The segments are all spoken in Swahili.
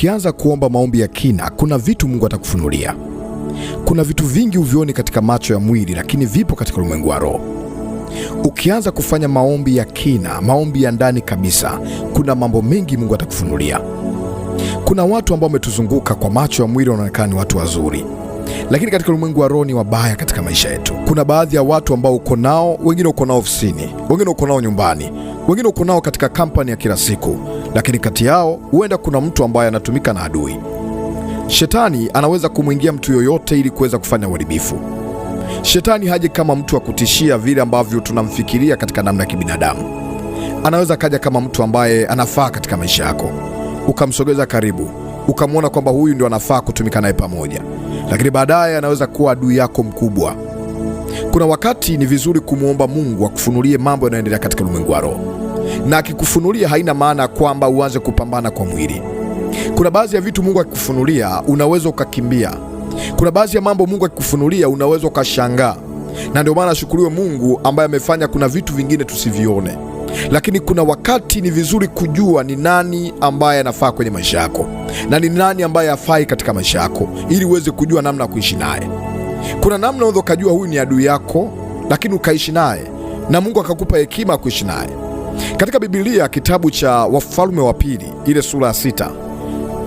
ukianza kuomba maombi ya kina, kuna vitu Mungu atakufunulia. Kuna vitu vingi uvioni katika macho ya mwili, lakini vipo katika ulimwengu wa roho. Ukianza kufanya maombi ya kina, maombi ya ndani kabisa, kuna mambo mengi Mungu atakufunulia. Kuna watu ambao wametuzunguka kwa macho ya mwili wanaonekana ni watu wazuri, lakini katika ulimwengu wa roho ni wabaya katika maisha yetu. Kuna baadhi ya watu ambao uko nao, wengine uko nao ofisini, wengine uko nao nyumbani, wengine uko nao katika kampani ya kila siku, lakini kati yao huenda kuna mtu ambaye anatumika na adui. Shetani anaweza kumwingia mtu yoyote ili kuweza kufanya uharibifu. Shetani haje kama mtu wa kutishia vile ambavyo tunamfikiria katika namna ya kibinadamu. Anaweza kaja kama mtu ambaye anafaa katika maisha yako, ukamsogeza karibu ukamwona kwamba huyu ndio anafaa kutumika naye pamoja, lakini baadaye anaweza kuwa adui yako mkubwa. Kuna wakati ni vizuri kumwomba Mungu akufunulie mambo yanayoendelea katika ulimwengu wa roho, na akikufunulia haina maana kwamba uanze kupambana kwa mwili. Kuna baadhi ya vitu Mungu akikufunulia unaweza ukakimbia. Kuna baadhi ya mambo Mungu akikufunulia unaweza ukashangaa, na ndio maana ashukuriwe Mungu ambaye amefanya kuna vitu vingine tusivione lakini kuna wakati ni vizuri kujua ni nani ambaye anafaa kwenye maisha yako na ni nani ambaye hafai katika maisha yako, ili uweze kujua namna ya kuishi naye. Kuna namna unaweza ukajua huyu ni adui yako, lakini ukaishi naye na Mungu akakupa hekima ya kuishi naye. Katika Biblia, kitabu cha Wafalme wa Pili ile sura ya sita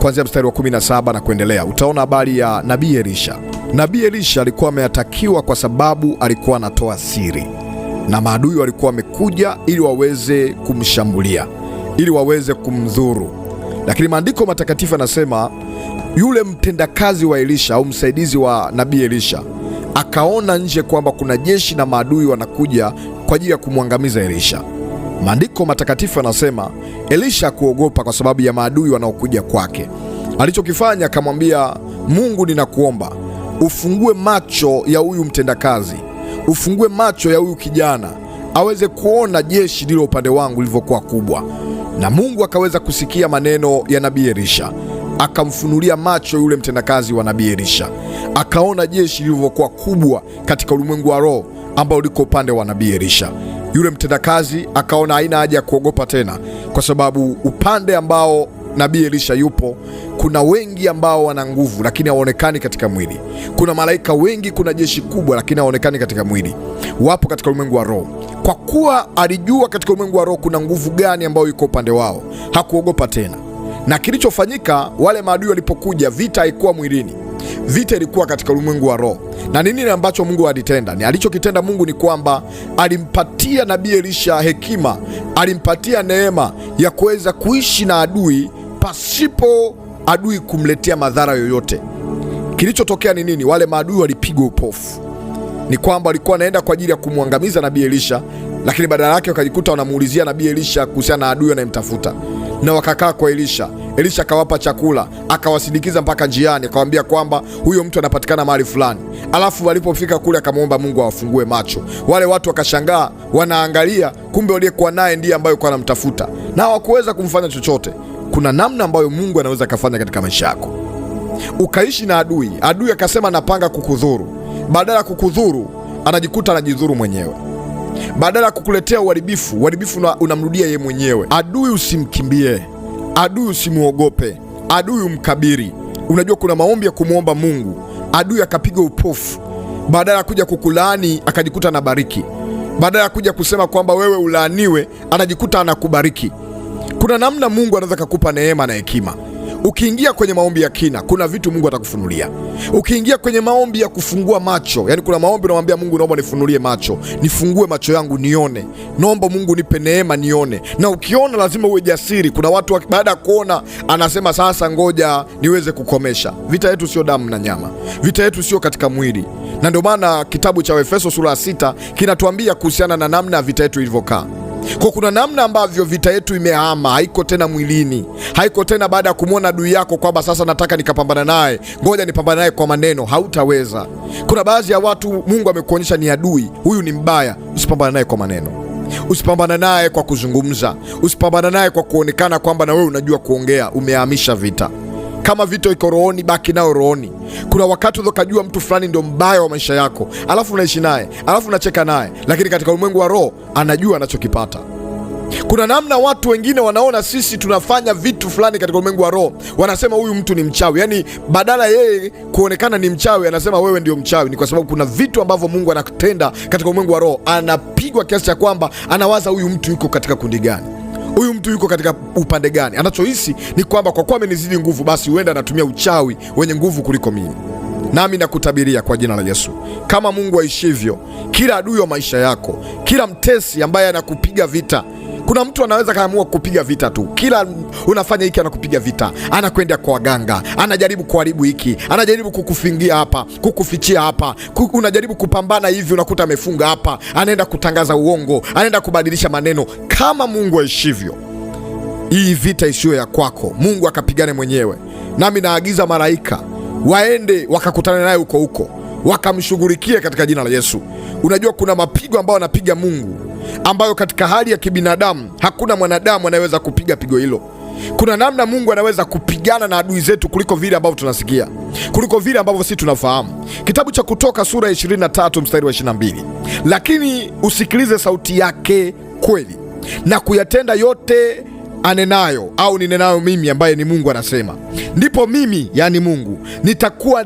kuanzia mstari wa 17 na kuendelea, utaona habari ya nabii Elisha. Nabii Elisha alikuwa ameatakiwa kwa sababu alikuwa anatoa siri na maadui walikuwa wamekuja ili waweze kumshambulia, ili waweze kumdhuru. Lakini maandiko matakatifu yanasema yule mtendakazi wa Elisha au msaidizi wa nabii Elisha akaona nje kwamba kuna jeshi na maadui wanakuja kwa ajili ya kumwangamiza Elisha. Maandiko matakatifu yanasema Elisha kuogopa kwa sababu ya maadui wanaokuja kwake. Alichokifanya akamwambia Mungu, ninakuomba ufungue macho ya huyu mtendakazi ufungue macho ya huyu kijana aweze kuona jeshi lilo upande wangu lilivyokuwa kubwa. Na Mungu akaweza kusikia maneno ya nabii Elisha, akamfunulia macho yule mtendakazi wa nabii Elisha, akaona jeshi lilivyokuwa kubwa katika ulimwengu wa roho ambao liko upande wa nabii Elisha. Yule mtendakazi akaona haina haja ya kuogopa tena, kwa sababu upande ambao nabii Elisha yupo. Kuna wengi ambao wana nguvu lakini hawaonekani katika mwili. Kuna malaika wengi, kuna jeshi kubwa lakini hawaonekani katika mwili, wapo katika ulimwengu wa roho. Kwa kuwa alijua katika ulimwengu wa roho kuna nguvu gani ambayo iko upande wao, hakuogopa tena. Na kilichofanyika, wale maadui walipokuja, vita haikuwa mwilini, vita ilikuwa katika ulimwengu wa roho. Na nini ambacho Mungu alitenda ni alichokitenda Mungu ni kwamba alimpatia nabii Elisha hekima, alimpatia neema ya kuweza kuishi na adui pasipo adui kumletea madhara yoyote. Kilichotokea ni nini? Wale maadui walipigwa upofu. Ni kwamba walikuwa wanaenda kwa ajili ya kumwangamiza nabii Elisha, lakini badala yake wakajikuta wanamuulizia nabii Elisha kuhusiana na adui anayemtafuta, na wakakaa kwa Elisha. Elisha akawapa chakula, akawasindikiza mpaka njiani, akawaambia kwamba huyo mtu anapatikana mahali fulani. Alafu walipofika kule, akamwomba Mungu awafungue macho. Wale watu wakashangaa, wanaangalia, kumbe waliyekuwa naye ndiye ambaye alikuwa anamtafuta, na hawakuweza kumfanya chochote kuna namna ambayo Mungu anaweza akafanya katika maisha yako. Ukaishi na adui, adui akasema anapanga kukudhuru, badala ya kukudhuru anajikuta anajidhuru mwenyewe. Badala ya kukuletea uharibifu, uharibifu unamrudia yeye mwenyewe. Adui usimkimbie, adui usimwogope, adui umkabiri. Unajua kuna maombi ya kumwomba Mungu, adui akapiga upofu, badala ya kuja kukulaani akajikuta anabariki. Badala ya kuja kusema kwamba wewe ulaaniwe, anajikuta anakubariki. Kuna namna Mungu anaweza kakupa neema na hekima. Ukiingia kwenye maombi ya kina, kuna vitu Mungu atakufunulia. Ukiingia kwenye maombi ya kufungua macho, yani kuna maombi unamwambia Mungu, naomba nifunulie macho, nifungue macho yangu nione, naomba Mungu nipe neema nione. Na ukiona lazima uwe jasiri. Kuna watu baada ya kuona anasema sasa, ngoja niweze kukomesha. Vita yetu sio damu na nyama, vita yetu sio katika mwili, na ndio maana kitabu cha Efeso sura ya sita kinatuambia kuhusiana na namna ya vita yetu ilivyokaa. Kwa kuna namna ambavyo vita yetu imehama, haiko tena mwilini, haiko tena baada ya kumwona adui yako kwamba sasa nataka nikapambana naye, ngoja nipambana naye kwa maneno. Hautaweza. Kuna baadhi ya watu Mungu amekuonyesha ni adui, huyu ni mbaya, usipambana naye kwa maneno usipambana naye kwa kuzungumza, usipambana naye kwa kuonekana kwamba na wewe unajua kuongea. Umehamisha vita. Kama vito iko rohoni, baki nao rohoni. Kuna wakati ukajua mtu fulani ndio mbaya wa maisha yako, alafu unaishi naye, alafu unacheka naye, lakini katika ulimwengu wa roho anajua anachokipata. Kuna namna watu wengine wanaona sisi tunafanya vitu fulani katika ulimwengu wa roho, wanasema huyu mtu ni mchawi. Yaani badala yeye kuonekana ni mchawi, anasema wewe ndio mchawi. Ni kwa sababu kuna vitu ambavyo Mungu anatenda katika ulimwengu wa roho, anapigwa kiasi cha kwamba anawaza huyu mtu yuko katika kundi gani huyu mtu yuko katika upande gani. Anachohisi ni kwamba kwa kuwa amenizidi nguvu, basi huenda anatumia uchawi wenye nguvu kuliko mimi. Nami nakutabiria kwa jina la Yesu, kama Mungu aishivyo, kila adui wa maisha yako, kila mtesi ambaye anakupiga vita kuna mtu anaweza kaamua kupiga vita tu, kila unafanya hiki anakupiga vita, anakwenda kwa waganga, anajaribu kuharibu hiki, anajaribu kukufingia hapa, kukufichia hapa, unajaribu kupambana hivi, unakuta amefunga hapa, anaenda kutangaza uongo, anaenda kubadilisha maneno. Kama Mungu aishivyo, hii vita isiyo ya kwako, Mungu akapigane mwenyewe. Nami naagiza malaika waende wakakutana naye huko huko, wakamshughulikie katika jina la Yesu. Unajua kuna mapigo ambayo anapiga Mungu ambayo katika hali ya kibinadamu hakuna mwanadamu anayeweza kupiga pigo hilo. Kuna namna Mungu anaweza kupigana na adui zetu kuliko vile ambavyo tunasikia, kuliko vile ambavyo sisi tunafahamu. Kitabu cha Kutoka sura ya 23 mstari wa 22, lakini usikilize sauti yake kweli na kuyatenda yote anenayo au ninenayo mimi, ambaye ni Mungu anasema, ndipo mimi, yani Mungu, nitakuwa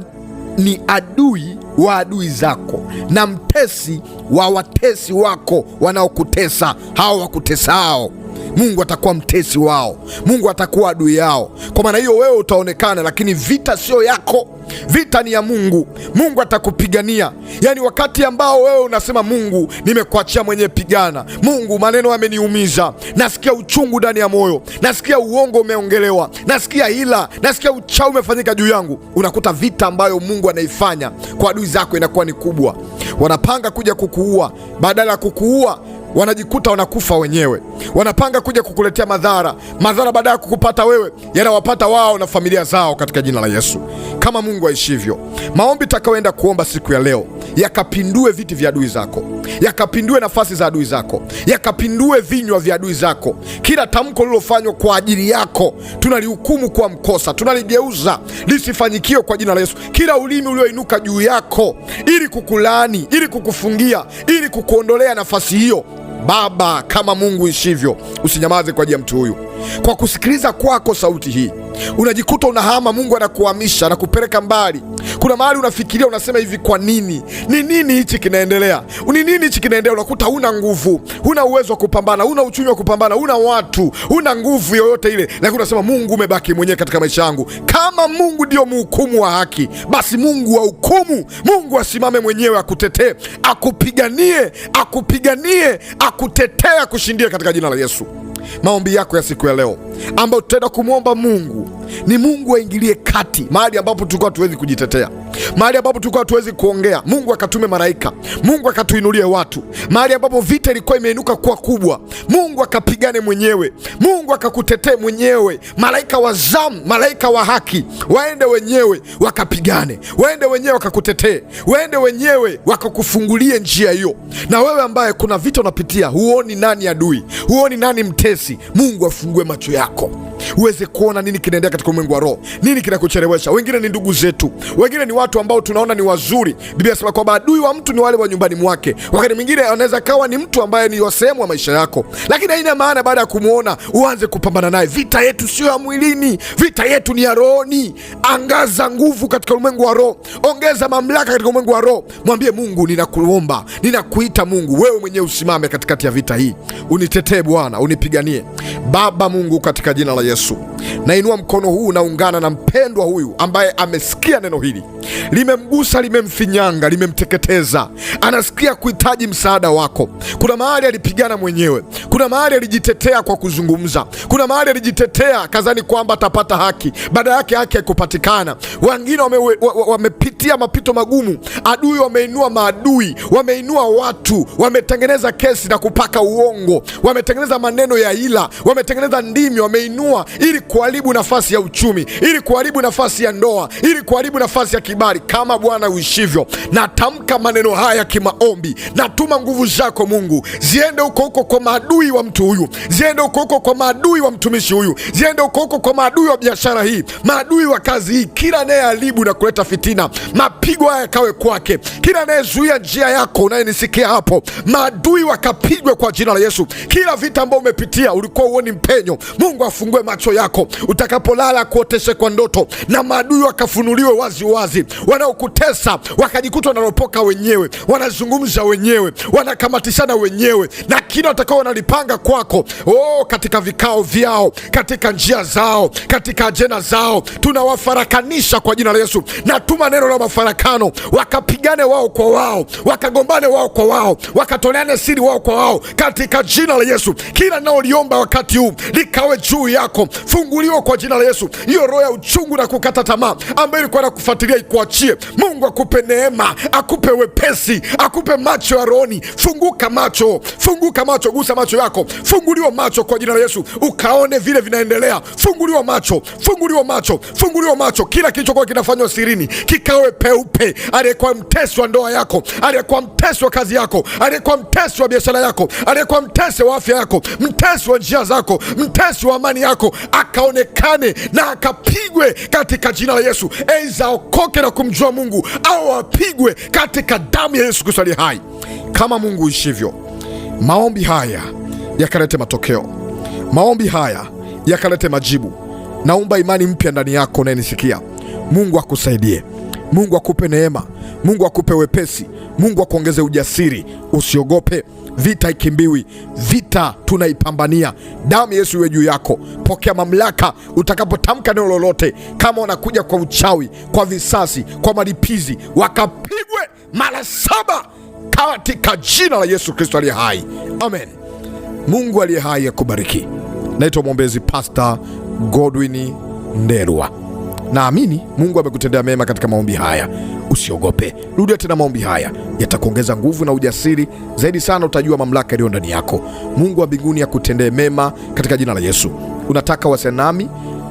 ni adui wa adui zako na mtesi wa watesi wako wanaokutesa hao wakutesao. Mungu atakuwa mtesi wao, Mungu atakuwa adui yao. Kwa maana hiyo, wewe utaonekana, lakini vita sio yako. Vita ni ya Mungu. Mungu atakupigania. Yaani wakati ambao wewe unasema Mungu, nimekuachia mwenyewe, pigana. Mungu, maneno yameniumiza, nasikia uchungu ndani ya moyo, nasikia uongo umeongelewa, nasikia hila, nasikia uchawi umefanyika juu yangu. Unakuta vita ambayo Mungu anaifanya kwa adui zako inakuwa ni kubwa. Wanapanga kuja kukuua, badala ya kukuua wanajikuta wanakufa wenyewe, wanapanga kuja kukuletea madhara. Madhara baada ya kukupata wewe, yanawapata wao na familia zao, katika jina la Yesu, kama Mungu aishivyo. Maombi takaoenda kuomba siku ya leo yakapindue viti vya adui zako, yakapindue nafasi za adui zako, yakapindue vinywa vya adui zako. Kila tamko lilofanywa kwa ajili yako tunalihukumu kwa mkosa, tunaligeuza lisifanyikiwe kwa jina la Yesu. Kila ulimi ulioinuka juu yako ili kukulaani, ili kukufungia, ili kukuondolea nafasi hiyo Baba, kama Mungu ishivyo, usinyamaze kwa ajili ya mtu huyu. Kwa kusikiliza kwako sauti hii unajikuta unahama, Mungu anakuhamisha na kupeleka mbali. Kuna mahali unafikiria unasema hivi, kwa nini? Ni nini hichi kinaendelea? Ni nini hichi kinaendelea? Unakuta huna nguvu, huna uwezo wa kupambana, huna uchumi wa kupambana, huna watu, huna nguvu yoyote ile, lakini unasema Mungu, umebaki mwenyewe katika maisha yangu. Kama Mungu ndio mhukumu wa haki, basi Mungu wa hukumu, Mungu asimame mwenyewe, akutetee, akupiganie, akupiganie, akutetee, akushindie katika jina la Yesu. Maombi yako ya siku ya leo ambayo tutaenda kumwomba Mungu ni Mungu aingilie kati mahali ambapo tulikuwa hatuwezi kujitetea, mahali ambapo tulikuwa hatuwezi kuongea. Mungu akatume malaika, Mungu akatuinulie watu, mahali ambapo vita ilikuwa imeinuka kuwa kubwa, Mungu akapigane mwenyewe, Mungu akakutetee mwenyewe. Malaika wa zamu, malaika wa haki waende wenyewe wakapigane, waende wenyewe wakakutetee, waende wenyewe wakakufungulie njia hiyo. Na wewe ambaye kuna vita unapitia, huoni nani adui, huoni nani mtesi, Mungu afungue macho yako yako uweze kuona nini kinaendelea katika ulimwengu wa roho, nini kinakuchelewesha. Wengine ni ndugu zetu, wengine ni watu ambao tunaona ni wazuri. Biblia inasema kwamba adui wa mtu ni wale wa nyumbani mwake. Wakati mwingine anaweza kawa ni mtu ambaye ni sehemu wa maisha yako, lakini haina maana baada ya kumwona uanze kupambana naye. Vita yetu sio ya mwilini, vita yetu ni ya rohoni. Angaza nguvu katika ulimwengu wa roho, ongeza mamlaka katika ulimwengu wa roho. Mwambie Mungu, ninakuomba, ninakuita Mungu, wewe mwenyewe usimame katikati ya vita hii, unitetee Bwana, unipiganie Baba Mungu katika jina la Yesu. Nainua mkono huu naungana na mpendwa huyu ambaye amesikia neno hili, limemgusa, limemfinyanga, limemteketeza. Anasikia kuhitaji msaada wako. Kuna mahali alipigana mwenyewe, kuna mahali alijitetea kwa kuzungumza, kuna mahali alijitetea kazani kwamba atapata haki, baada yake haki haikupatikana. Wengine wamepitia wame mapito magumu, adui wameinua maadui, wameinua watu, wametengeneza kesi na kupaka uongo, wametengeneza maneno ya ila, wametengeneza ndimi wameinua ili kuharibu nafasi ya uchumi, ili kuharibu nafasi ya ndoa, ili kuharibu nafasi ya kibali. Kama Bwana uishivyo, natamka maneno haya kimaombi, natuma nguvu zako Mungu ziende huko huko kwa maadui wa mtu huyu, ziende huko huko kwa maadui wa mtumishi huyu, ziende huko huko kwa maadui wa biashara hii, maadui wa kazi hii, kila anayeharibu na kuleta fitina, mapigo haya yakawe kwake. Kila anayezuia njia yako, unayenisikia hapo, maadui wakapigwe kwa jina la Yesu. Kila vita ambayo umepitia ulikuwa huoni mpenyo Mungu Mungu afungue macho yako utakapolala, kuoteshe kwa ndoto na maadui wakafunuliwe wazi wazi, wanaokutesa wakajikuta wanaropoka wenyewe, wanazungumza wenyewe, wanakamatishana wenyewe, na kila watakao wanalipanga kwako, oh, katika vikao vyao, katika njia zao, katika ajenda zao, tunawafarakanisha kwa jina la Yesu. Natuma neno la mafarakano, wakapigane wao kwa wao, wakagombane wao kwa wao, wakatoleane siri wao kwa wao, katika jina la Yesu. Kila naoliomba wakati huu likawe juu yako. Funguliwa kwa jina la Yesu, hiyo roho ya uchungu na kukata tamaa ambayo ilikuwa kufuatilia ikuachie. Mungu akupe neema, akupe wepesi, akupe macho ya rohoni. Funguka macho, funguka macho, gusa macho yako, funguliwa macho kwa jina la Yesu, ukaone vile vinaendelea. Funguliwa macho, funguliwa macho, funguliwa macho. Kila kilichokuwa kinafanywa sirini kikawe peupe. Aliyekuwa mtesi wa ndoa yako, aliyekuwa mtesi wa kazi yako, aliyekuwa mtesi wa biashara yako, aliyekuwa mtesi wa afya yako, mtesi wa njia zako, mtesi wa wa amani yako akaonekane na akapigwe katika jina la Yesu. Aidha aokoke na kumjua Mungu au apigwe katika damu ya Yesu Kristo aliye hai, kama Mungu ishivyo. Maombi haya yakalete matokeo, maombi haya yakalete majibu. Naumba imani mpya ndani yako unayenisikia. Mungu akusaidie, Mungu akupe neema, Mungu akupe wepesi, Mungu akuongeze ujasiri. Usiogope. Vita ikimbiwi, vita tunaipambania. Damu Yesu iwe juu yako. Pokea mamlaka utakapotamka neno lolote. Kama wanakuja kwa uchawi, kwa visasi, kwa malipizi, wakapigwe mara saba katika jina la Yesu Kristo aliye hai, amen. Mungu aliye hai akubariki. Naitwa mwombezi Pastor Godwin nderwa Naamini Mungu amekutendea mema katika maombi haya. Usiogope, rudia tena maombi haya, yatakuongeza nguvu na ujasiri zaidi sana. Utajua mamlaka iliyo ndani yako. Mungu wa mbinguni akutendee mema katika jina la Yesu. Unataka wasiliana nami,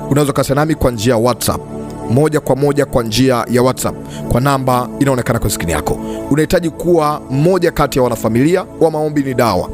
unaweza ukawasiliana nami kwa njia ya WhatsApp moja kwa moja kwa njia ya WhatsApp kwa namba inaonekana kwenye skrini yako. Unahitaji kuwa mmoja kati ya wanafamilia wa maombi ni dawa,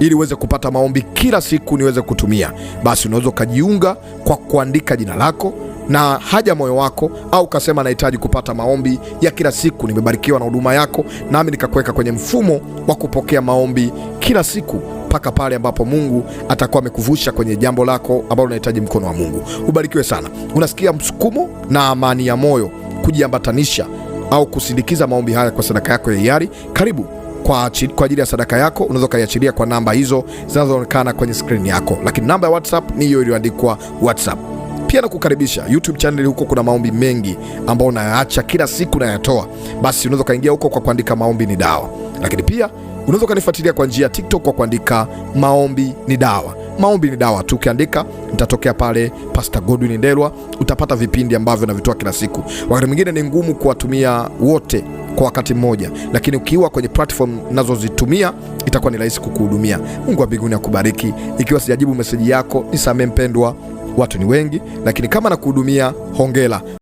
ili uweze kupata maombi kila siku niweze kutumia, basi unaweza ukajiunga kwa kuandika jina lako na haja moyo wako, au kasema nahitaji kupata maombi ya kila siku, nimebarikiwa na huduma yako, nami nikakuweka kwenye mfumo wa kupokea maombi kila siku mpaka pale ambapo Mungu atakuwa amekuvusha kwenye jambo lako ambalo unahitaji mkono wa Mungu. Ubarikiwe sana. Unasikia msukumo na amani ya moyo kujiambatanisha au kusindikiza maombi haya kwa sadaka yako ya hiari? Karibu kwa ajili ya sadaka yako unaweza ukaiachilia kwa namba hizo zinazoonekana kwenye skrini yako, lakini namba ya WhatsApp ni hiyo iliyoandikwa WhatsApp. Pia nakukaribisha YouTube channel, huko kuna maombi mengi ambayo nayaacha kila siku nayatoa, basi unaweza ukaingia huko kwa kuandika maombi ni dawa, lakini pia unaweza ukanifuatilia kwa njia ya TikTok kwa kuandika maombi ni dawa maombi ni dawa tu, ukiandika nitatokea pale. Pastor Godwin Ndelwa, utapata vipindi ambavyo navitoa kila siku. Wakati mwingine ni ngumu kuwatumia wote kwa wakati mmoja, lakini ukiwa kwenye platform nazozitumia itakuwa ni rahisi kukuhudumia. Mungu wa mbinguni akubariki. Ikiwa sijajibu meseji yako nisamee mpendwa watu ni wengi, lakini kama nakuhudumia, hongera.